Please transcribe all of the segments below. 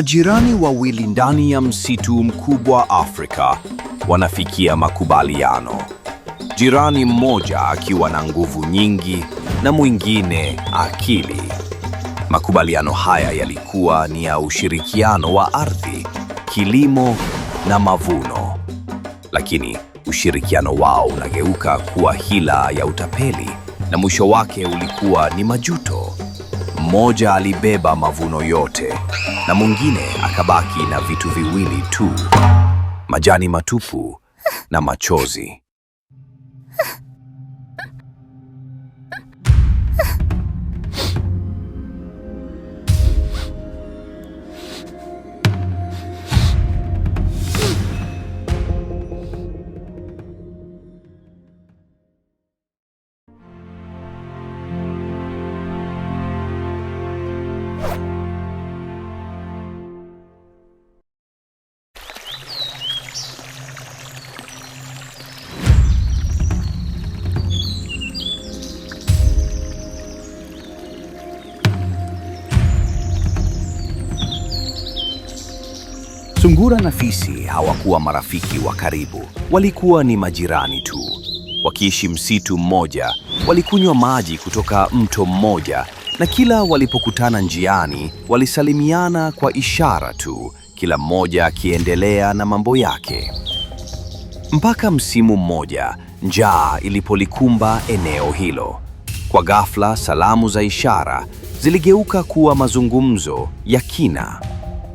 Majirani wawili ndani ya msitu mkubwa Afrika wanafikia makubaliano. Jirani mmoja akiwa na nguvu nyingi na mwingine akili. Makubaliano haya yalikuwa ni ya ushirikiano wa ardhi, kilimo na mavuno. Lakini ushirikiano wao unageuka kuwa hila ya utapeli na mwisho wake ulikuwa ni majuto. Mmoja alibeba mavuno yote na mwingine akabaki na vitu viwili tu: majani matupu na machozi. Sungura na fisi hawakuwa marafiki wa karibu, walikuwa ni majirani tu. Wakiishi msitu mmoja, walikunywa maji kutoka mto mmoja, na kila walipokutana njiani walisalimiana kwa ishara tu, kila mmoja akiendelea na mambo yake, mpaka msimu mmoja njaa ilipolikumba eneo hilo. Kwa ghafla, salamu za ishara ziligeuka kuwa mazungumzo ya kina.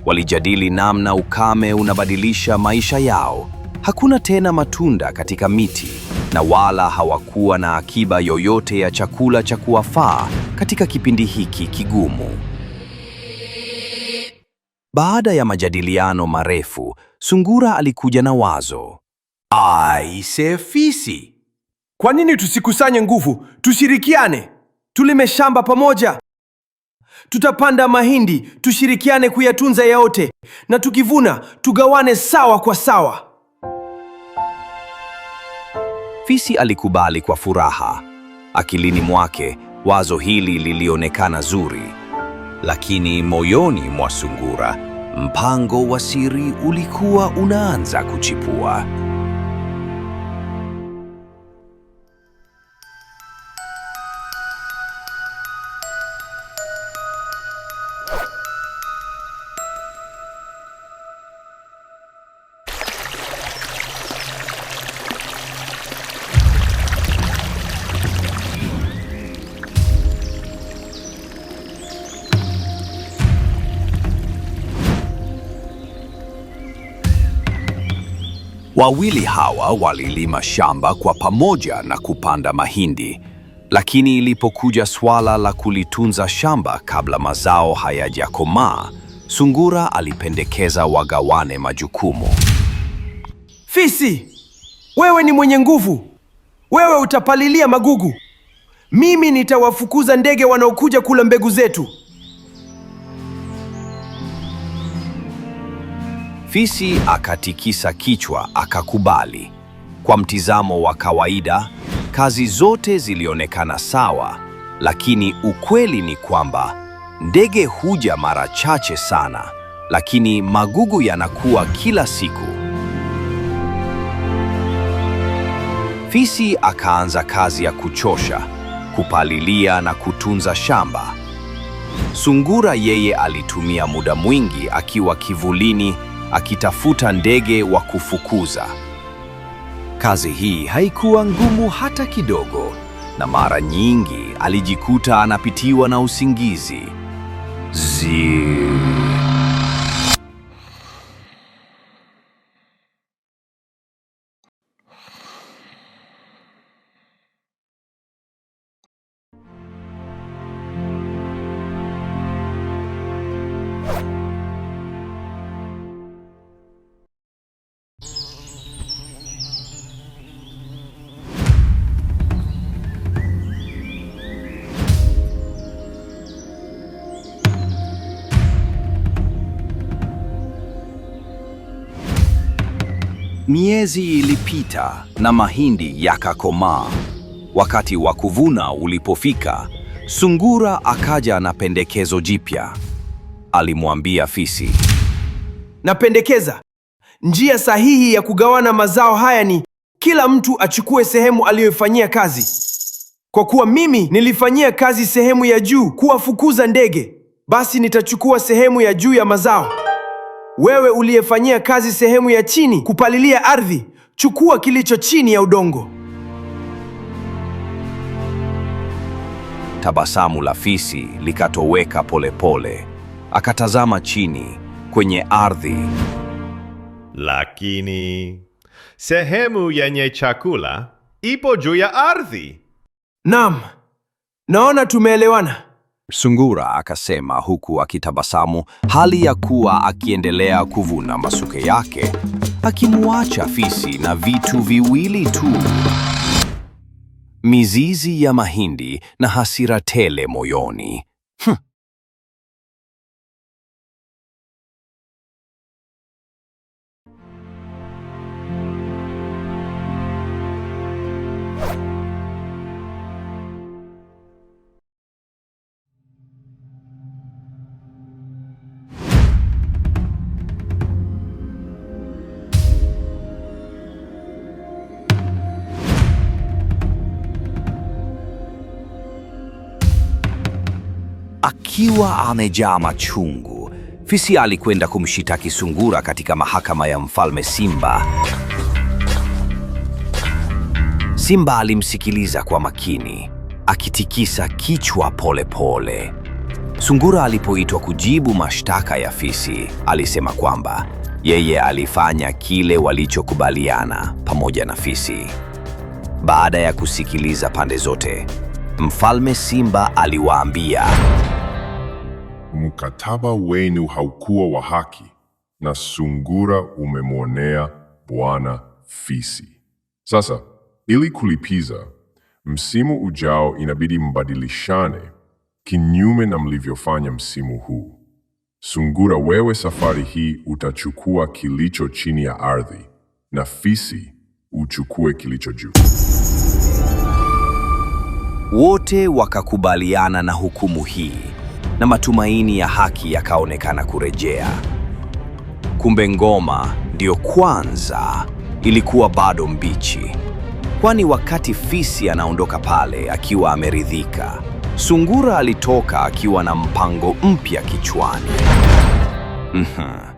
Walijadili namna ukame unabadilisha maisha yao. Hakuna tena matunda katika miti na wala hawakuwa na akiba yoyote ya chakula cha kuwafaa katika kipindi hiki kigumu. Baada ya majadiliano marefu, Sungura alikuja na wazo. Aise fisi, kwa nini tusikusanye nguvu, tushirikiane, tulime shamba pamoja, Tutapanda mahindi, tushirikiane kuyatunza yaote, na tukivuna tugawane sawa kwa sawa. Fisi alikubali kwa furaha. Akilini mwake wazo hili lilionekana zuri, lakini moyoni mwa Sungura mpango wa siri ulikuwa unaanza kuchipua. Wawili hawa walilima shamba kwa pamoja na kupanda mahindi, lakini ilipokuja swala la kulitunza shamba kabla mazao hayajakomaa, Sungura alipendekeza wagawane majukumu. Fisi, wewe ni mwenye nguvu. Wewe utapalilia magugu. Mimi nitawafukuza ndege wanaokuja kula mbegu zetu. Fisi akatikisa kichwa akakubali. Kwa mtizamo wa kawaida, kazi zote zilionekana sawa, lakini ukweli ni kwamba ndege huja mara chache sana, lakini magugu yanakuwa kila siku. Fisi akaanza kazi ya kuchosha, kupalilia na kutunza shamba. Sungura yeye alitumia muda mwingi akiwa kivulini akitafuta ndege wa kufukuza. Kazi hii haikuwa ngumu hata kidogo, na mara nyingi alijikuta anapitiwa na usingizi Zii. Miezi ilipita na mahindi yakakomaa. Wakati wa kuvuna ulipofika, Sungura akaja na pendekezo jipya. Alimwambia Fisi, napendekeza njia sahihi ya kugawana mazao haya ni kila mtu achukue sehemu aliyoifanyia kazi. Kwa kuwa mimi nilifanyia kazi sehemu ya juu kuwafukuza ndege, basi nitachukua sehemu ya juu ya mazao. Wewe uliyefanyia kazi sehemu ya chini kupalilia ardhi, chukua kilicho chini ya udongo. Tabasamu la fisi likatoweka polepole, akatazama chini kwenye ardhi. Lakini sehemu yenye chakula ipo juu ya ardhi. Naam, naona tumeelewana. Sungura akasema huku akitabasamu, hali ya kuwa akiendelea kuvuna masuke yake, akimuacha fisi na vitu viwili tu: mizizi ya mahindi na hasira tele moyoni. Hm, Akiwa amejaa machungu, fisi alikwenda kumshitaki sungura katika mahakama ya mfalme Simba. Simba alimsikiliza kwa makini, akitikisa kichwa polepole pole. Sungura alipoitwa kujibu mashtaka ya fisi, alisema kwamba yeye alifanya kile walichokubaliana pamoja na fisi. Baada ya kusikiliza pande zote, Mfalme Simba aliwaambia mkataba wenu haukuwa wa haki, na sungura umemwonea bwana fisi. Sasa ili kulipiza, msimu ujao inabidi mbadilishane kinyume na mlivyofanya msimu huu. Sungura, wewe safari hii utachukua kilicho chini ya ardhi, na fisi uchukue kilicho juu. Wote wakakubaliana na hukumu hii na matumaini ya haki yakaonekana kurejea. Kumbe ngoma ndiyo kwanza ilikuwa bado mbichi, kwani wakati fisi anaondoka pale akiwa ameridhika, sungura alitoka akiwa na mpango mpya kichwani. Mhm.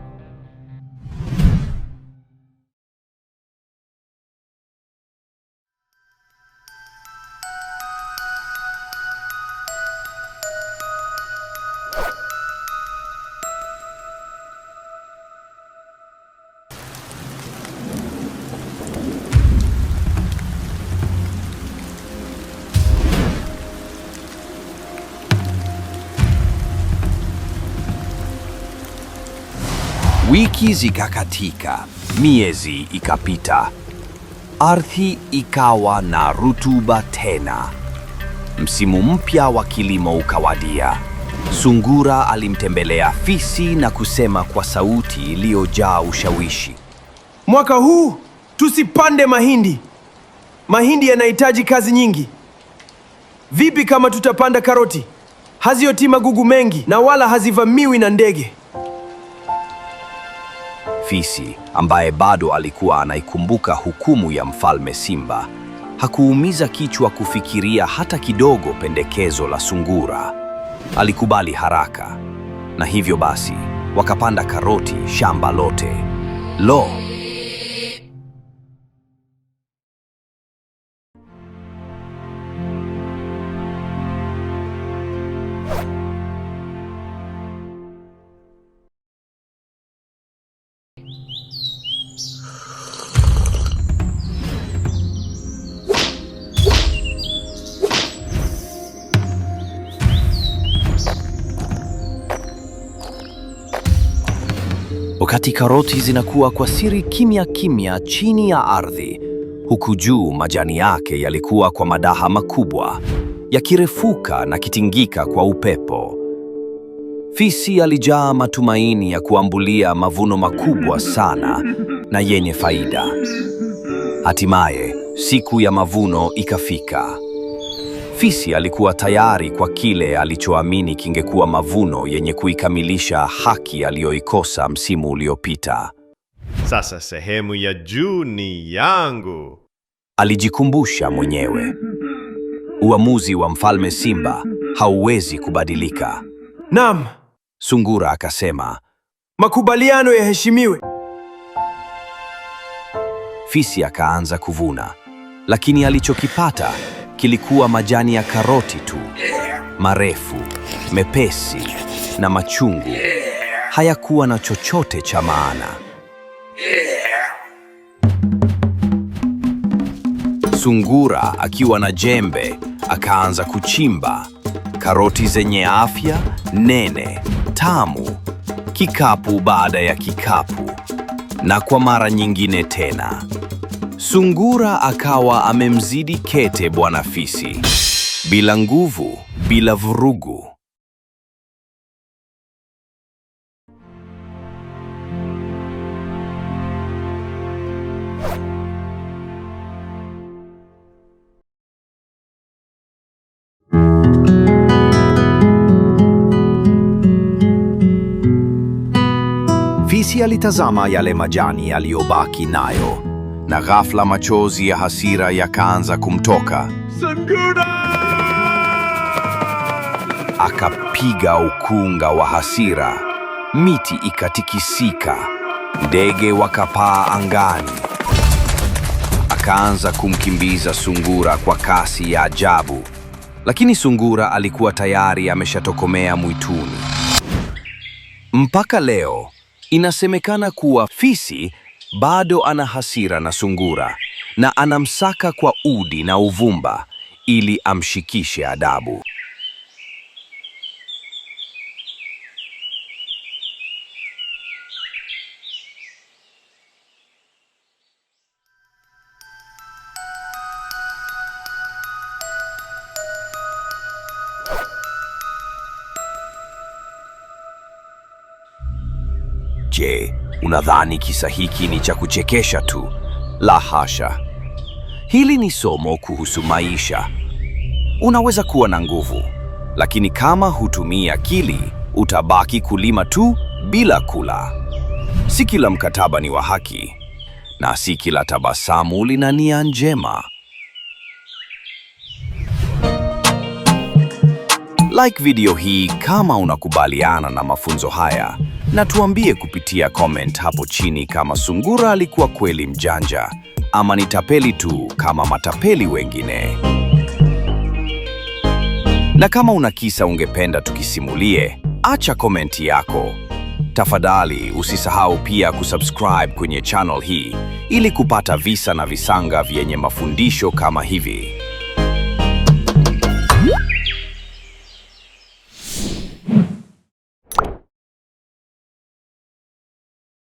Wiki zikakatika, miezi ikapita, ardhi ikawa na rutuba tena. Msimu mpya wa kilimo ukawadia. Sungura alimtembelea fisi na kusema kwa sauti iliyojaa ushawishi, mwaka huu tusipande mahindi. Mahindi yanahitaji kazi nyingi. Vipi kama tutapanda karoti? Haziotii magugu mengi na wala hazivamiwi na ndege. Fisi, ambaye bado alikuwa anaikumbuka hukumu ya Mfalme Simba, hakuumiza kichwa kufikiria hata kidogo pendekezo la Sungura. Alikubali haraka, na hivyo basi wakapanda karoti shamba lote. Lo! wakati karoti zinakuwa kwa siri kimya kimya chini ya ardhi, huku juu majani yake yalikuwa kwa madaha makubwa yakirefuka na kitingika kwa upepo. Fisi alijaa matumaini ya kuambulia mavuno makubwa sana na yenye faida. Hatimaye siku ya mavuno ikafika. Fisi alikuwa tayari kwa kile alichoamini kingekuwa mavuno yenye kuikamilisha haki aliyoikosa msimu uliopita. Sasa sehemu ya juu ni yangu, alijikumbusha mwenyewe. Uamuzi wa mfalme Simba hauwezi kubadilika. Naam, Sungura akasema, makubaliano yaheshimiwe. Fisi akaanza kuvuna, lakini alichokipata kilikuwa majani ya karoti tu, marefu, mepesi na machungu. Hayakuwa na chochote cha maana. Sungura akiwa na jembe akaanza kuchimba karoti zenye afya, nene, tamu, kikapu baada ya kikapu, na kwa mara nyingine tena. Sungura akawa amemzidi kete bwana Fisi. Bila nguvu, bila vurugu. Fisi alitazama yale majani aliyobaki nayo na ghafla machozi ya hasira yakaanza kumtoka. Sanguna! Akapiga ukunga wa hasira, miti ikatikisika, ndege wakapaa angani. Akaanza kumkimbiza sungura kwa kasi ya ajabu, lakini sungura alikuwa tayari ameshatokomea mwituni. Mpaka leo inasemekana kuwa fisi bado ana hasira na Sungura na anamsaka kwa udi na uvumba ili amshikishe adabu. Je, Unadhani kisa hiki ni cha kuchekesha tu? La hasha. Hili ni somo kuhusu maisha. Unaweza kuwa na nguvu, lakini kama hutumii akili, utabaki kulima tu bila kula. Si kila mkataba ni wa haki, na si kila tabasamu lina nia njema. Like video hii kama unakubaliana na mafunzo haya na tuambie kupitia comment hapo chini kama sungura alikuwa kweli mjanja ama ni tapeli tu kama matapeli wengine. Na kama una kisa ungependa tukisimulie, acha komenti yako. Tafadhali usisahau pia kusubscribe kwenye channel hii ili kupata visa na visanga vyenye mafundisho kama hivi.